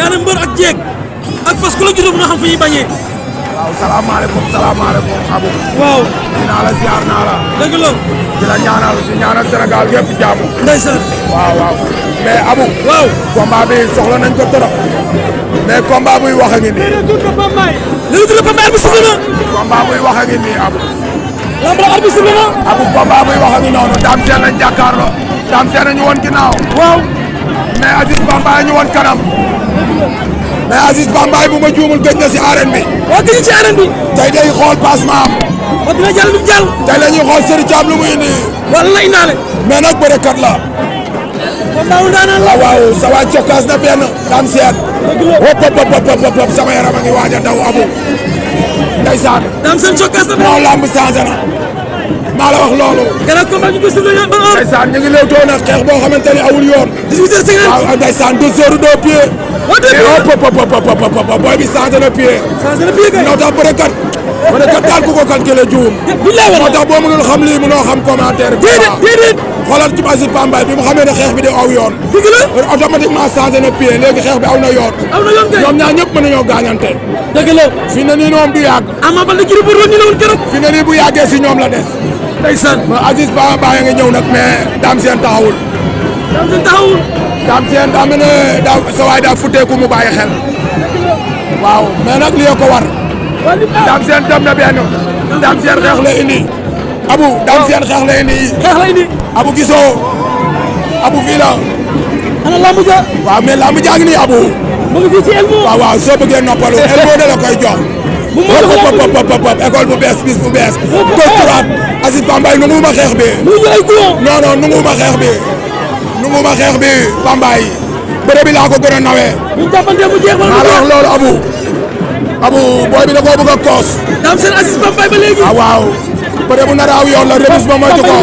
yaa ne mbër ak jéeg ak fas ku la juróom nga xam fu ñuy bañee. waaw salaamaaleykum Abu. waaw. dinaa la ziar naa la. dëgg la. ñaanal di ñaanal Sénégal yëpp jaamu. ndeysaan. waaw waaw mais Abu. waaw combat bi soxla nañ ko trop. mais combat buy wax a ngi nii. léegi tudd Pambaay. léegi tudd Pambaay bi suuf na. combat buy wax a ngi Abu. lamb ar Abu combat buy wax a ngi mais Aziz Bambaye bu ma juumul gëj na si arène bi. waaw gëj na si arène bi. tey day xool passement am. waaw dina jàll du jàll. tey la ñuy xool Serigne Thiam lu muy indi. wala lay naale. la. kon ah, sa waa cokkaas na benn daan seet. dëgg la sama yaram a ngi waaj a daw amu. ndeysaan. daam cokkaas na benn. moo lamb changé na. maa la wax loolu. gannaaw combat ñu gis ne dañoo am. ndeysaan ñu ngi léewtoo nag bu la moo a bu rëdd ñu si ñoom la des. ndeysaan ma Aziz Ba Baye nga ñëw nag mais daam seen taxawul. daam seen taxawul. daam ne daa daa futteeku mu bàyyi xel. waaw mais nag li ko war. daam seen dem na benn. daam seen xeex la indi. abu daam seen xeex la indi. abu gisoo. abu fii la. ana lamb ja. waaw mais lamb jaa ngi nii abu. ci Elmo. waaw waaw soo bëggee noppalu Elmo da la koy jox. bu mu école bu bees bis bu bees. bu turaat Aziz Pambay nu mu ma xeex bi. mu ñëw non non nu mu ma xeex bi. nu mu ma xeex bi Pambay. bëre bi laa ko gën a nawee. bu ñu jàppante mu jeex maa wax loolu Abu. Abu booy bi da koo bëgg a koos. daam seen Aziz Pambay ba léegi. ah waaw. bëre bu nar a aw yoon la rebus ba moytu ko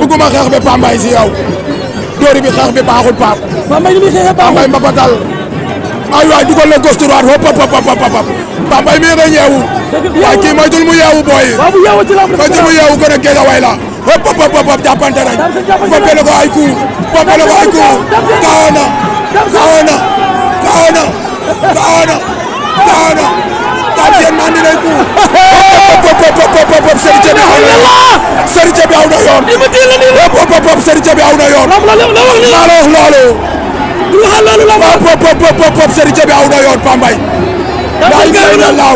bëgguma xeex bi Pambay si yow. dóori bi xeex bi baaxul Pape. Pambay ni muy xeexee baaxul Pambay mbapatal ay waay dugal na gauche droite hop hop hop hop Bambey mii yeewu waay kii moytul mu yeewu booy moytul mu yeewu gën a géej a way la hop hop hop hop jàppante ay coup boppe la ay coup kaawo na kaawo na kaawo na kaawo na kaawo na Dame Sène mandi nañ coup hop yoon Serigne Thiaby aw na yoon hop yoon maa la la waaw pop pop yoon Pambay. daa ngi lay la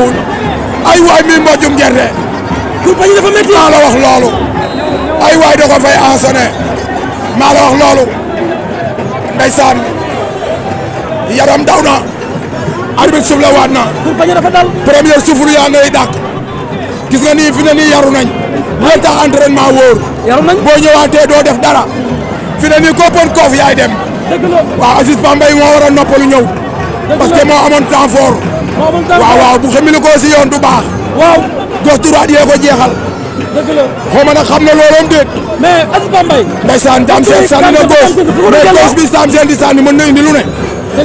ay waay mi mbojum gerte. pour bañ wax loolu. ay waay da ko fay ensonné. maa wax loolu. ndeysaan yaram daw na. arbitre suuf la na. premier souffle yaa nga nii fi ne nii yaru nañ. loolu tax entraînement wóor. yaru nañ boo doo def dara. fi ne nii koppoon yaay dem. waaw Aziz Bambey a noppalu ñëw. parce que moo amoon temps fort. waaw waaw bu xamee ko si yoon du baax. waaw gox turaat jeexal. dëgg la xaw ma nag xam na looloon déet. mais Aziz Bambey. ndeysaan daam seen sànni na góos mais góos bi daam seen di sànni mën na indi lu ne.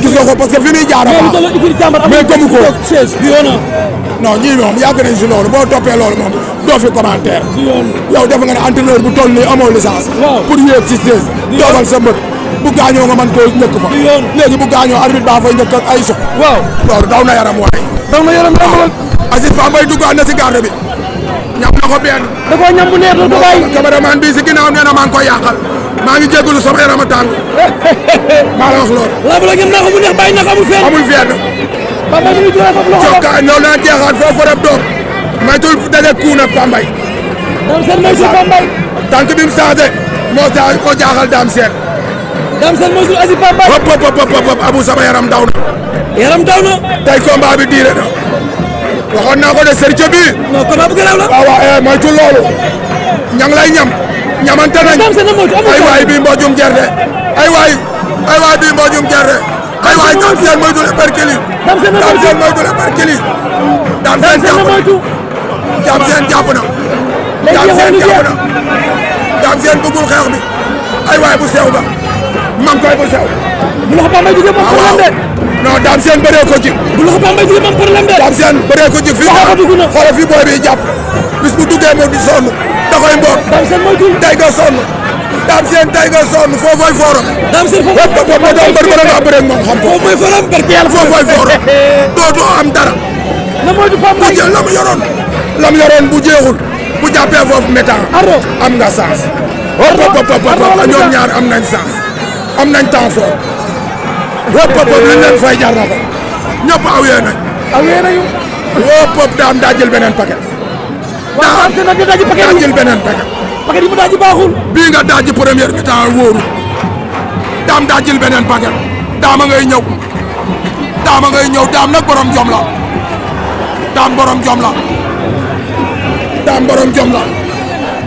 gis nga ko parce que fi jaar baax mais gëmu ko. non ñii moom yàgg nañ si loolu boo toppee loolu moom doo fi commentaire. yow def nga ne entraîneur bu toll nii amoo licence. pour yéeg si 16. toogal sa mbët. bu gaañoo nga mën koo njëkk fa. léegi bu gaañoo arbitre baa fay njëkk ak ay suq. waaw loolu daw na yaram waay. daw na yaram daw na. Aziz Ba Mbaye dugg na si garde bi. ñam na ko benn. da koo ñam bu neex la da koy. cameraman bi si ginnaaw nee na maa ngi koy yàqal. maa ngi jégalu sama yaram a tàng. maa la wax loolu. laabu la ñam na ko bu neex bàyyi na ko amul fenn. amul fenn. Bambay mi ngi jëlaat foofu loxo la. Jokal loolu laa jeexaat foofu rek doom. maytul daje kuuna Bambay. daam seen maytul Bambay. tànk bi mu changé moo jaaxal daam seen Dame Sène mooy suñu asi papa. hop hop hop hop Abou yaram daw yaram daw na. tey combat diire na. waxoon naa ko de Serge bi. non combat bu eh, loolu. ña ngi lay ñam. ñamante ay waay bii mboojum gerte. ay waay ay waay bii mboojum ay waay Dame Sène moytu la perkeli. Dame Sène moytu la perkeli. Dame Sène na. Dame Sène jàpp na. Dame Sène bëggul xeex bi. ay waay bu sew ba. mam koy bu sew bu loxo bambay jugee mam problème de non daam seen bëree ko jik bu loxo bambay jugee mam problème de daam seen bëree ko jik fii xoolal fii booy bu duggee moom di sonn da koy mboot daam seen mooy jul tey nga sonn daam foofoy fooram daam am dara na mooy du bu jeexul bu jàppee foofu métan am nga sens pop pop pop ñoom ñaar am nañ sens am nañ temps fort. woo pop pop lañ leen fay jar na ko. ñëpp awee nañ. daam daa jël beneen paquet. waaw am na ñu daji paquet daa jël beneen paquet. paquet yi mu daji baaxul. bii nga daji première bi temps wóoru. daam daa jël beneen paquet. daama ngay ñëw. daama ngay ñëw daam nag borom jom la. daam borom jom la. daam borom jom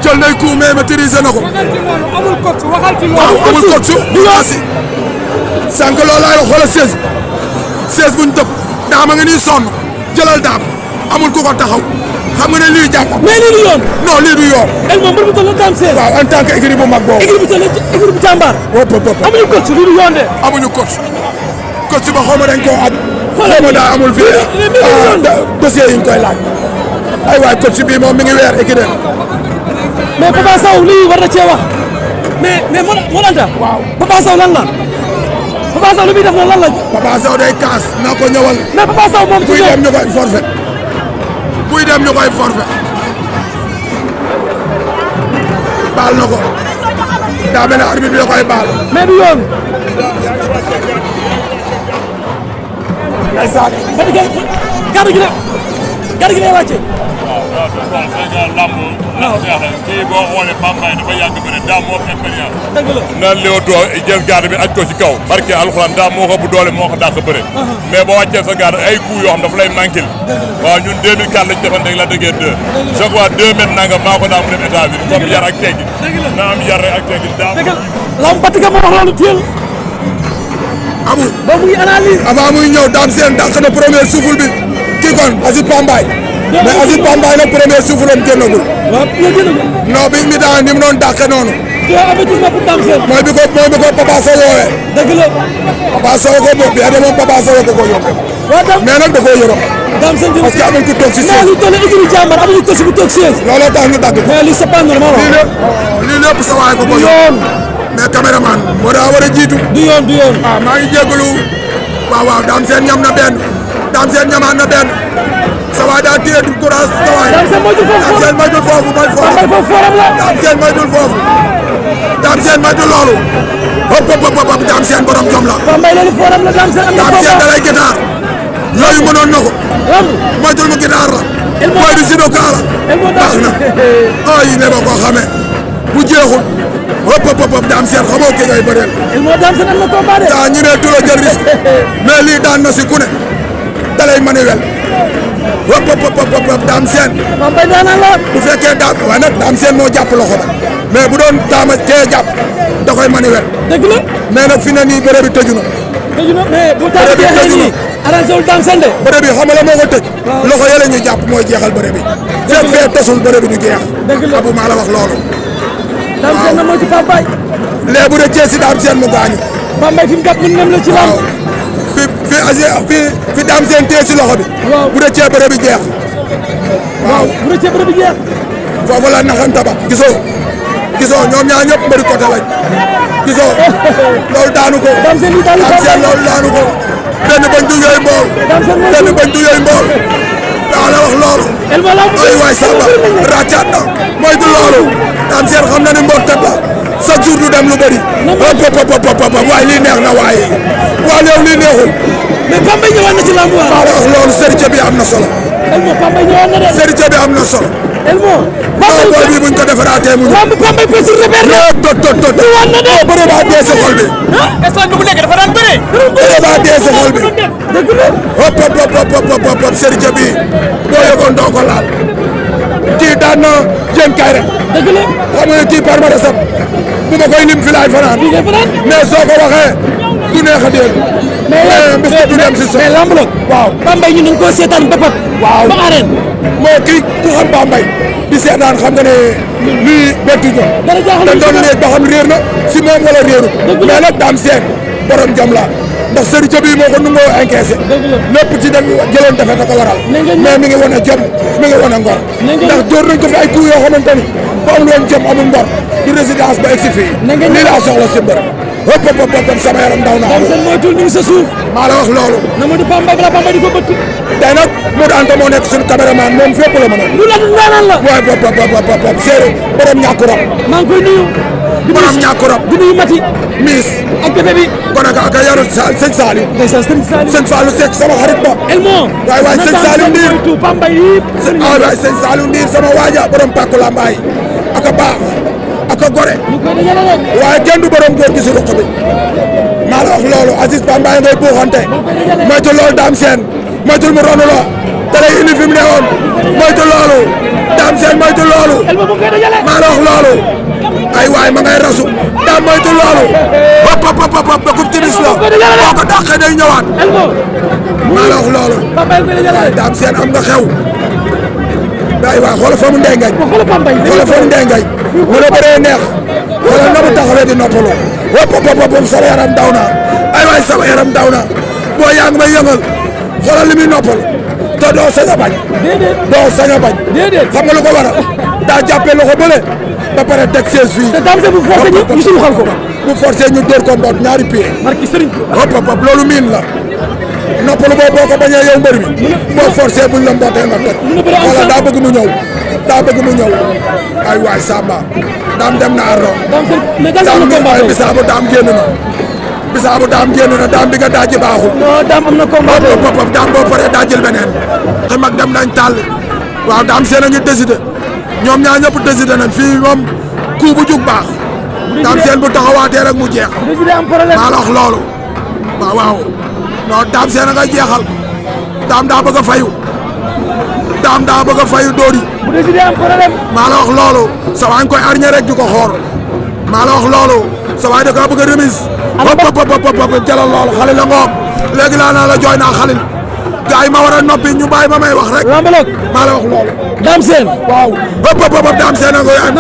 jël nay coup mais maîtrisé na ko. amul coach waxal ci loolu. waaw amul coach bu waasi. sànq loolu laay wax xoolal 16 16 buñ dëpp daama nga nii sonn jëlal daam amul ku ko taxaw xam nga ne lii jàpp. mais lii du yoon. non lii du yoon. el moom mën nga toll daam 16. waaw en tant que équipe bu mag boobu. équipe bu toll équipe bu jàmbaar. amuñu coach lii du yoon de. amuñu coach coach ba xaw ma dañ koo aj. xoolal ma daa amul fii ah, dossier yi ñu koy laaj. ay waay coach bii moom mi ngi weer équipe mais Papa Sow lii war na cee wax mais mais moo lanta waaw Papa lan la Papa Sow li muy def lan la Papa kaas na ko ñëwal mais Papa Sow moom buy dem ñu koy forfait buy dem ñu koy forfait baal na ko daa bi da koy baal mais du yoon ndeysaan gàddu gi la gàddu gi waaw c'est que làmb. jël garde bi aj ko kaw. barke alxuraan daa moo ko bu doole moo ko dàq bëre. mais boo wàccee sa garde ay coups yoo xam dafa lay manqué. waaw ñun 2004 lañ defoon rek la dëggee 2. je crois 2 mètres maa ko daa mu dem état yar ak teggi. na am yar ak teggi daa. dëgg la làmb Batika moo wax loolu teel. amul ba muy analyse. avant muy ñëw daam seen dàq premier souffle bi kii kon Asi Pambaay. mais Aziz Bambay nag premier suuf la mu génnagul. waaw non bi mi daan ni mu doon dàqe noonu. te avertissement pour Dame Sène. mooy bi ko mooy bi ko Papa Sow woowee. dëgg la. Papa Sow ko boobu bi ademoon Papa Sow ko ko yombe. waaw tam mais nag da koo yoroon. Dame Sène parce que amuñu ko toog si siège. mais lu toll écurie jàmbar amuñu ko si bu toog siège. looloo tax ñu dagg. mais li c'est pas normal lii lépp lii lépp sa waay ko ko yoon. mais caméraman moo daa war a jiitu. du yoon du yoon. ah maa ngi jégalu waaw waaw Dame Sène ñam na benn Dame Sène ñamaat na benn sa waay daa du courage sa waay. Dame Sène maytul foofu may foofu. Dame Sène maytul loolu. hop hop hop Dame Sène borom jom la. waaw mbay loolu gitaar. yooyu mënoon na ko. mu gitaar la. mooy du judoka baax na ay ne ko xamee. bu jeexul. hop hop hop Dame Sène xamoo ki ngay bëreel. daa ñu ne tu la lii daan na si ku dalay manuel wop wop wop wop daam seen bu fekkee daam waaye nag daam seen moo jàpp loxo ba mais bu doon daama tee jàpp da koy manuel dëgg la mais fi na nii bërëb bi tëju na tëju na mais bu taa jeexee nii arrangé wul daam seen de bërëb bi xam nga la moo ko tëj loxo yële ñu jàpp mooy jeexal bërëb bi fekk fee tasul bërëb bi du jeex abu maa la wax loolu daam seen na moo ci Pape Baye léegi bu dee Thiès si daam seen mu gaañu Pape Baye fi mu gàpp mën nem la ci lamb fi fi fi daam seen téye si loxo bi. bu dee bëre bi jeex. waaw bu dee bëre bi jeex. la naxanta ba gisoo gisoo ñoom ñaar ñëpp mbëri côté lañ gisoo loolu daanu ko. daam seen li daanu ko daam seen loolu daanu ko. benn bañ du yooyu mbool. daam seen loolu benn bañ du yooyu mbool. daa la wax loolu. ay waay Samba ràccaat na mooy du loolu. daam ne mbor lii neex na mais Pambay ñëwaat na ci lamb waaw. maa la wax loolu Serigne bi am na solo. Elmo Pambay ñëwaat na de. Serigne bi am na solo. Elmo. Pambay booy bi buñ ko defaraatee mu. Pambay Pambay peesul repère la. non tot tot tot. ñëwaat na de. bëree baa dee sa xol bi. ah instant bi bu nekk dafa daan bëree. bëree baa dee sa xol bi. dëgg la. hop hop hop hop hop hop Serigne bi boo yëgoon doo ko laal. kii daan na jëm kay rek. dëgg la xam nga kii par ma de sab bu ma koy lim fi laay fanaan. mais soo ko waxee. du neex a dégg. mais eh, bés bu dem si mais lamb la waaw Bambey ñun dañu koo seetaan bëppat. waaw ba arène. moo kii ku xam Bambey di seetaan xam nga ne luy bettu ñu. dara jaaxal ba xam réer na si moom wala réeru. mais nag daam seen borom jam la ndax sëriñ Diop moo ko nu ngoo encaissé. lépp ci dañ jëloon defee da ko waral. mais mi ngi wane jom mi ngi wane ngor. ndax door na ko fi ay coups yoo xamante ni bu amul woon jom amul ngor du résidence ba egg fii. lii laa soxla si hop hop hop hop sama yaram daw na. kon seen moytuwul ñu maa la wax loolu. na Modou Pamba balaa Pamba di ko bëtt. tey nag Modou Anta moo nekk suñu caméraman moom fépp la mën a. lu la naanal la. waaw hop hop hop hop hop séeréer borom ñàkk rab. koy nuyu. di nuyu borom di nuyu Mati. Miss. ak bébé kon nag ak yaru sëñ Saliou. sama xarit ba. Elmo. waay waay sëñ Ndiir sama waaja borom Pàkku Lambaay ak a ko gore waaye kenn du borom góor gi si maa la loolu Aziz Ba mbaa ngay buuxante moytu loolu daam seen moytul mu ronu la te lay indi fi loolu daam seen moytu loolu maa la loolu ay waay ma ngay rasu daam moytu loolu hop hop hop hop ba coupe timis la boo ko dàqee day ñëwaat maa la loolu daam seen am nga xew ay waay xoolal fa mu ndengañ xoolal fa mu ndengañ bu la bëree neex wala na mu taxawee di noppalu wop wop wop sama yaram daw na ay waay sama yaram daw na boo yaa ngi may yëngal xoolal li muy noppalu te doo sañ a bañ doo sañ a bañ xam ko war daa jàppee loxo bële ba pare teg ses vues te se bu forcé ñu ñu suruxal ko bu forcé ñu dóor ko mboot ñaari pied marki sëriñ wop wop loolu miin la noppalu boobu boo ko bañee yow mbër bi boo forcé buñ la mbootee nga toj wala daa bëgg mu ñëw daa bëgg mu ñëw ay waay Samba daam dem na Ardo. daam li mooy bisaabu daam génn na. bisaabu daam génn na daam bi nga daaj baaxul. non daam am na combat boobu boppam daam boo paree daajil beneen. te mag dem nañ tàll. waaw daam seen a ngi décidé ñoom ñaa ñëpp décidé nañ fii moom ku bu jug baax. daam seen bu taxawaatee rek mu jeex. maa la wax loolu. waaw waaw non daam seen a jeexal. daam daa bëgg a fayu. daam daa bëgg a fayu dóor yi. bu dee si dee am problème. wax loolu. sa waay nga koy arñe rek di ko xoor. maa wax loolu. sa waay da kaa bëgg a remise. na bopp bopp bopp jëlal loolu xale la ngoog. léegi laa naa la jooy naa xale. gars yi ma war a noppi ñu bàyyi ma may wax rek. lambaloog wax loolu. daam seen. waaw bopp bopp daam seen a ngoy ak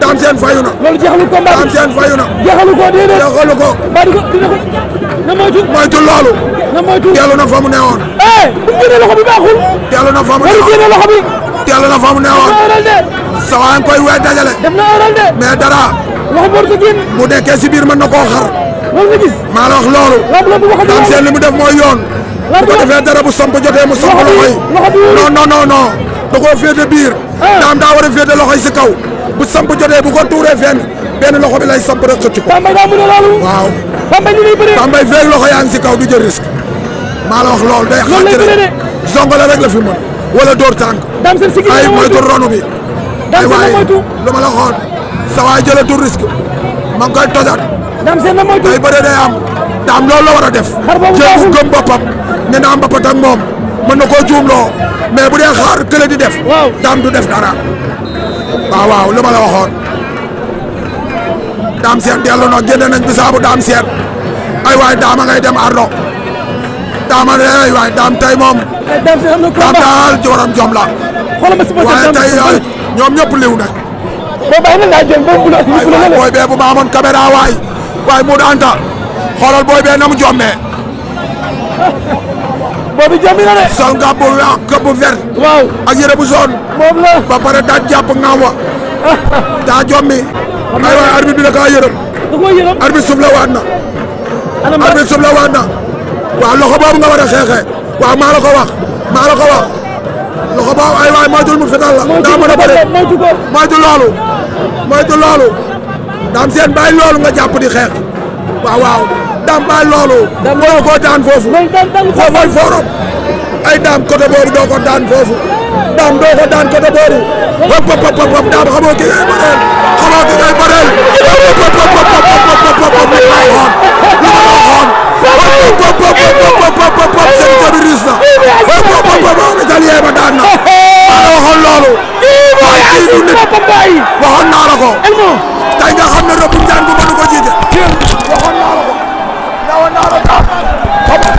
daam seen fayu na. loolu jeexalu combat daam seen fayu na. jeexalu ko déedéet jeexalu ko. na moytu moytu loolu. na moytu dellu na fa mu newoon. Eh, bu na fa mu newoon génnee loxo bi. dellu na fa mu koy weer dajale. def de. mais dara. bu nekkee si biir mën na koo xar. maa la wax loolu. tam seen li mu def mooy yoon. bu ko defee dara bu somp jotee mu somp loxo yi. non non non non. da koo féete biir. Ah. daam daa war a loxo yi si kaw. bu samp jotee bu ko tuuree fenn benn loxo bi lay samp rek xëcc ko. waaw. Pambay ñu lay bëree Pambay loxo yaa ngi si kaw du jël risque. maa la lool loolu day. xaar ci rek zongale rek la fi mën. wala door tànk. daam seen si ay moytu ronu bi. daam seen moytu lu ma la xool. sa waay jëlatul risque. ma ngi koy tojaat. daam na la moytu day bëree day am. daam loolu la war def. xar boobu baaxul ne naa mbappat ak moom. mën na koo juumloo. mais bu dee xaar kële di def. waaw daam du def dara. waaw waaw lu ma la waxoon. daam seet dellu na génne nañ bisaabu daam seet ay waay daama ngay dem ardo daama de ay waay daam tey moom daam daal joram jom la waaye tey ñoom ñëpp liw nañ waay booy bee bu ma amoon caméra waay waay mu anta xoolal booy bee na mu jommee boobu jommi na de sol nga bu ak bu vert waaw ak yére bu jaune wa daa jommi ay waay arbitre bi da kaa yërëm. da koo yërëm arbitre suuf la waat nga war a xeexee. waaw maa wax maa la wax loxo ay waay moytul mu fetal la. daa mën a bëri loolu. moytu loolu. daam seen bàyyi loolu nga jàpp di xeex. waaw waaw daam bàyyi loolu. daam bàyyi koo daan foofu. foofay ay daam côté boobu doo foofu. daam doo ko daan côté boobu. hop hop hop daam xamoo ki ngay pop pop pop pop na. pop pop pop pop ba daan na. maa la loolu. waaye kii du nit waxoon naa la ko. tey nga xam ne rëbb njaan ko mënu ko jiite.